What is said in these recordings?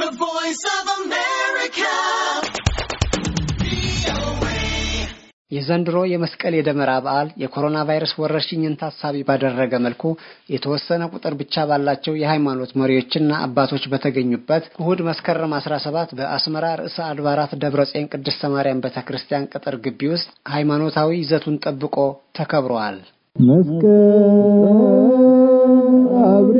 The Voice of America. የዘንድሮ የመስቀል የደመራ በዓል የኮሮና ቫይረስ ወረርሽኝን ታሳቢ ባደረገ መልኩ የተወሰነ ቁጥር ብቻ ባላቸው የሃይማኖት መሪዎችና አባቶች በተገኙበት እሁድ መስከረም 17 በአስመራ ርዕሰ አድባራት ደብረጼን ቅድስተ ማርያም ቤተ ክርስቲያን ቅጥር ግቢ ውስጥ ሃይማኖታዊ ይዘቱን ጠብቆ ተከብረዋል። መስቀል አብሬ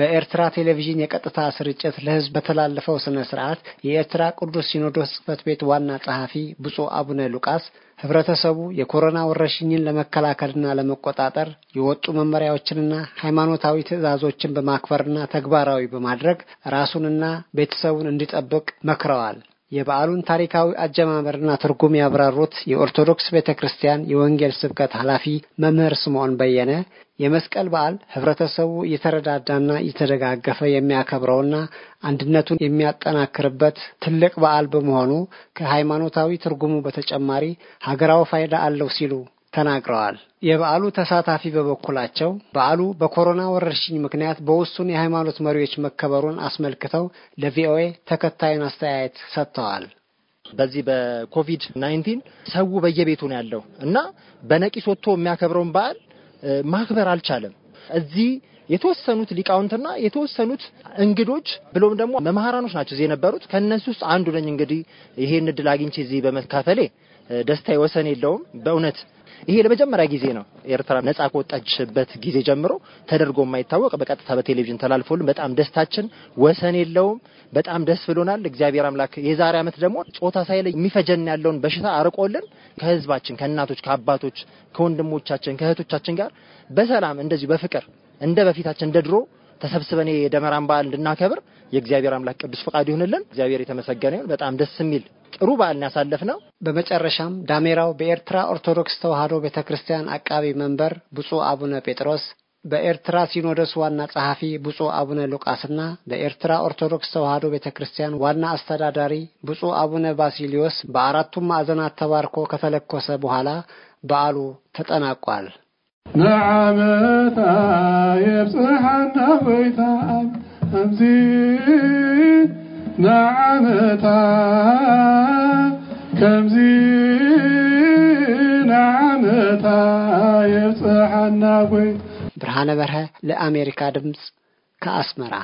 በኤርትራ ቴሌቪዥን የቀጥታ ስርጭት ለህዝብ በተላለፈው ስነ ስርዓት የኤርትራ ቅዱስ ሲኖዶስ ጽህፈት ቤት ዋና ጸሐፊ ብፁዕ አቡነ ሉቃስ ህብረተሰቡ የኮሮና ወረርሽኝን ለመከላከልና ለመቆጣጠር የወጡ መመሪያዎችንና ሃይማኖታዊ ትዕዛዞችን በማክበርና ተግባራዊ በማድረግ ራሱንና ቤተሰቡን እንዲጠብቅ መክረዋል። የበዓሉን ታሪካዊ አጀማመርና ትርጉም ያብራሩት የኦርቶዶክስ ቤተ ክርስቲያን የወንጌል ስብከት ኃላፊ መምህር ስምዖን በየነ የመስቀል በዓል ህብረተሰቡ እየተረዳዳና እየተደጋገፈ የሚያከብረውና አንድነቱን የሚያጠናክርበት ትልቅ በዓል በመሆኑ ከሃይማኖታዊ ትርጉሙ በተጨማሪ ሀገራዊ ፋይዳ አለው ሲሉ ተናግረዋል። የበዓሉ ተሳታፊ በበኩላቸው በዓሉ በኮሮና ወረርሽኝ ምክንያት በውሱን የሃይማኖት መሪዎች መከበሩን አስመልክተው ለቪኦኤ ተከታዩን አስተያየት ሰጥተዋል። በዚህ በኮቪድ 19 ሰው በየቤቱ ነው ያለው እና በነቂስ ወጥቶ የሚያከብረውን በዓል ማክበር አልቻለም። እዚህ የተወሰኑት ሊቃውንትና የተወሰኑት እንግዶች ብሎም ደግሞ መምህራኖች ናቸው እዚህ የነበሩት። ከእነሱ ውስጥ አንዱ ነኝ። እንግዲህ ይሄን እድል አግኝቼ እዚህ በመካፈሌ ደስታ ወሰን የለውም። በእውነት ይሄ ለመጀመሪያ ጊዜ ነው ኤርትራ ነጻ ከወጣችበት ጊዜ ጀምሮ ተደርጎ የማይታወቅ በቀጥታ በቴሌቪዥን ተላልፎልን በጣም ደስታችን ወሰን የለውም። በጣም ደስ ብሎናል። እግዚአብሔር አምላክ የዛሬ ዓመት ደግሞ ጾታ ሳይለ የሚፈጀን ያለውን በሽታ አርቆልን ከህዝባችን፣ ከእናቶች፣ ከአባቶች፣ ከወንድሞቻችን፣ ከእህቶቻችን ጋር በሰላም እንደዚሁ በፍቅር እንደ በፊታችን እንደ ድሮ ተሰብስበን የደመራን በዓል እንድናከብር የእግዚአብሔር አምላክ ቅዱስ ፍቃድ ይሁንልን። እግዚአብሔር የተመሰገነ ይሁን። በጣም ደስ የሚል ጥሩ በዓል ያሳለፍ ነው። በመጨረሻም ዳሜራው በኤርትራ ኦርቶዶክስ ተዋህዶ ቤተ ክርስቲያን አቃቢ መንበር ብፁዕ አቡነ ጴጥሮስ በኤርትራ ሲኖዶስ ዋና ጸሐፊ ብፁዕ አቡነ ሉቃስና በኤርትራ ኦርቶዶክስ ተዋህዶ ቤተ ክርስቲያን ዋና አስተዳዳሪ ብፁዕ አቡነ ባሲሊዮስ በአራቱም ማዕዘናት ተባርኮ ከተለኮሰ በኋላ በዓሉ ተጠናቋል። ንዓመታ የብፅሓና ወይታ ሓንቲ ከምዚ የብፅሓና ብርሃነ በርሀ ለአሜሪካ ድምፅ ከአስመራ